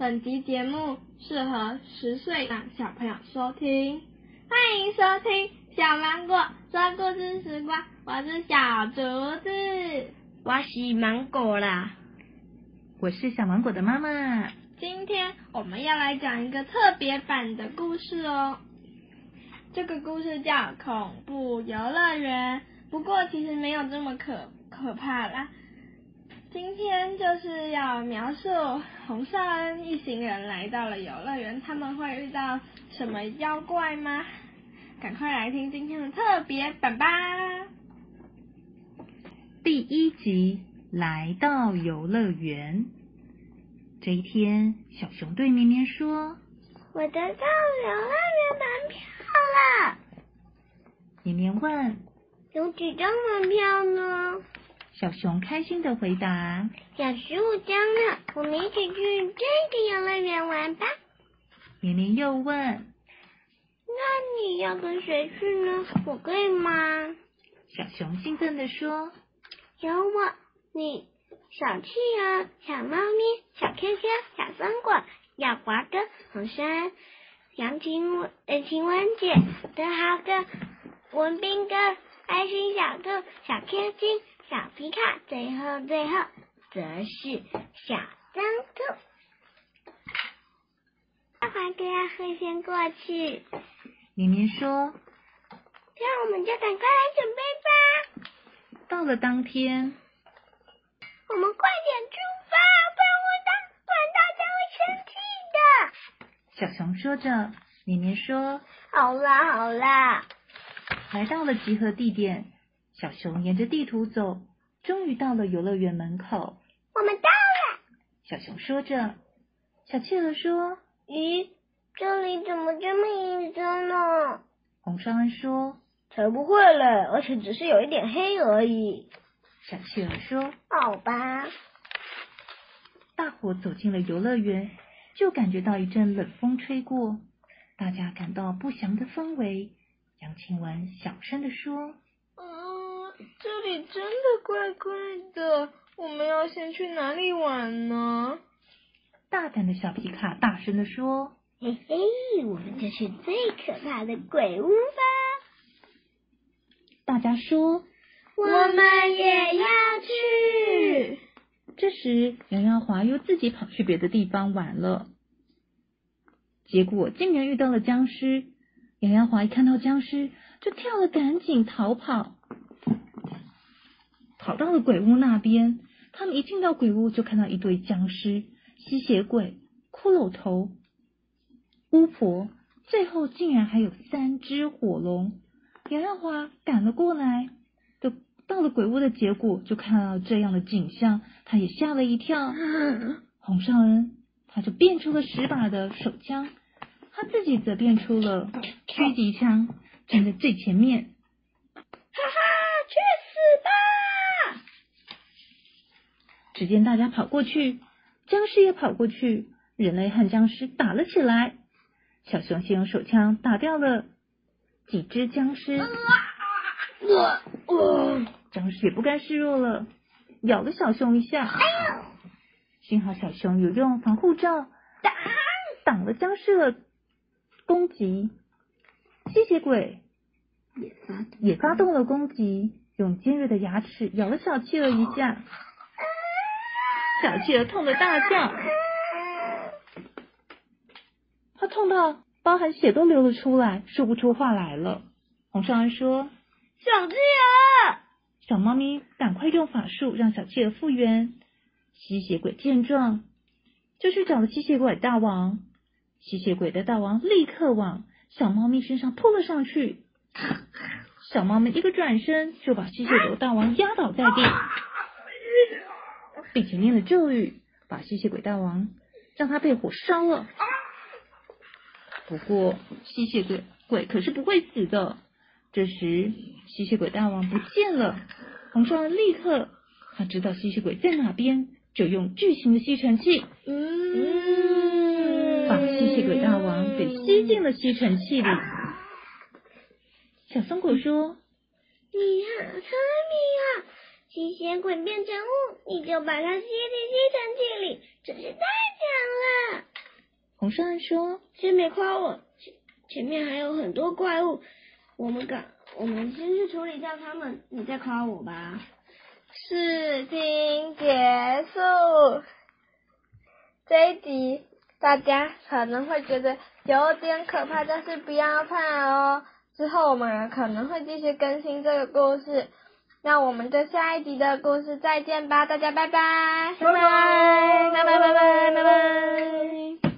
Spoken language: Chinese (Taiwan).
本集節目適合十歲的小朋友收聽，歡迎收聽小芒果說故事時光，我是小竹子，我是芒果啦。我是小芒果的媽媽，今天我們要來講一個特別版的故事哦，這個故事叫《恐怖遊樂園》，不過其實沒有這麼可可怕啦。今天就是要描述洪少恩一行人來到了遊樂園，他們會遇到什麼妖怪嗎？趕快來聽今天的特別版吧！第一集來到遊樂園。這一天，小熊對綿綿說：“我得到遊樂園門票了。”綿綿問：“有幾張門票呢？”小熊開心的回答：“有十五張呢，我們一起去這個遊樂園玩吧。”明明又問：“那你要跟誰去呢？我貴嗎？”小熊興奮地說：“有我，你小氣哦，小貓咪，小圈圈，小松果，耀華哥，紅山，楊晴，呃晴雯姐，德豪哥，文斌哥，愛心小兔，小圈圈。”小皮卡，最後最後則是小燈兔。大花哥要先過去。裡面說：“這樣我們就趕快來準備吧。”到了當天，我們快點出發，不然我當，不然大家會生氣的。小熊說着，裡面說：“好啦好啦。”來到了集合地點，小熊沿着地圖走，終於到了遊樂園門口。我們到了，小熊說着。小企鵝說：“咦，這裡怎麼這麼陰森呢？”紅雙妹說：“才不會嘞，而且只是有一點黑而已。”小企鵝說：“好吧。”大夥走進了遊樂園，就感覺到一陣冷風吹過，大家感到不祥的氛圍。楊晴文小聲地說。這裡真的怪怪的，我們要先去哪裡玩呢？大膽的小皮卡大聲的說：“嘿嘿，我們就去最可怕的鬼屋吧！”大家說：“我們也要去。”這時，楊耀華又自己跑去別的地方玩了。結果，竟然遇到了僵屍。楊耀華一看到僵屍，就跳了，趕緊逃跑。跑到了鬼屋那邊，他們一進到鬼屋就看到一堆殭屍、吸血鬼、骷髏頭、巫婆，最後竟然還有三只火龍。楊耀華趕了過來，就到了鬼屋的結果就看到了這樣的景象，他也嚇了一跳。洪少恩他就變出了十把的手槍，他自己則變出了狙擊槍，站在最前面。只見大家跑過去，僵屍也跑過去，人類和僵屍打了起來。小熊先用手槍打掉了幾隻僵屍。哦，僵屍也不甘示弱了，咬了小熊一下。幸好小熊有用防護罩擋擋了僵屍的攻擊。吸血鬼也發動了攻擊，用尖銳的牙齒咬了小企鵝一下。小企鵝痛得大叫，他痛到包含血都流了出來，說不出話來了。紅少兒說：“小企鵝，小貓咪趕快用法術讓小企鵝復原。”吸血鬼見狀，就去、是、找了吸血鬼大王。吸血鬼的大王立刻往小貓咪身上撲了上去，小貓咪一個轉身就把吸血鬼大王壓倒在地。啊啊啊並且念了咒語，把吸血鬼大王讓他被火燒了。不過吸血鬼鬼可是不會死的。這時吸血鬼大王不見了，紅雙立刻他知道吸血鬼在哪邊，就用巨型的吸塵器，嗯，把吸血鬼大王給吸進了吸塵器裡。小松果說：“你呀，聰明啊。”吸血鬼變成霧，你就把它吸進吸塵器裡，真是太強了。紅善說：“先別誇我，前，前面還有很多怪物，我們趕，我們先去處理掉他們，你再誇我吧。”視聽結束，這一集大家可能會覺得有點可怕，但是不要怕哦。之後我們可能會繼續更新這個故事。那我們就下一集的故事再見吧，大家拜拜，拜拜，拜拜，拜拜，拜拜。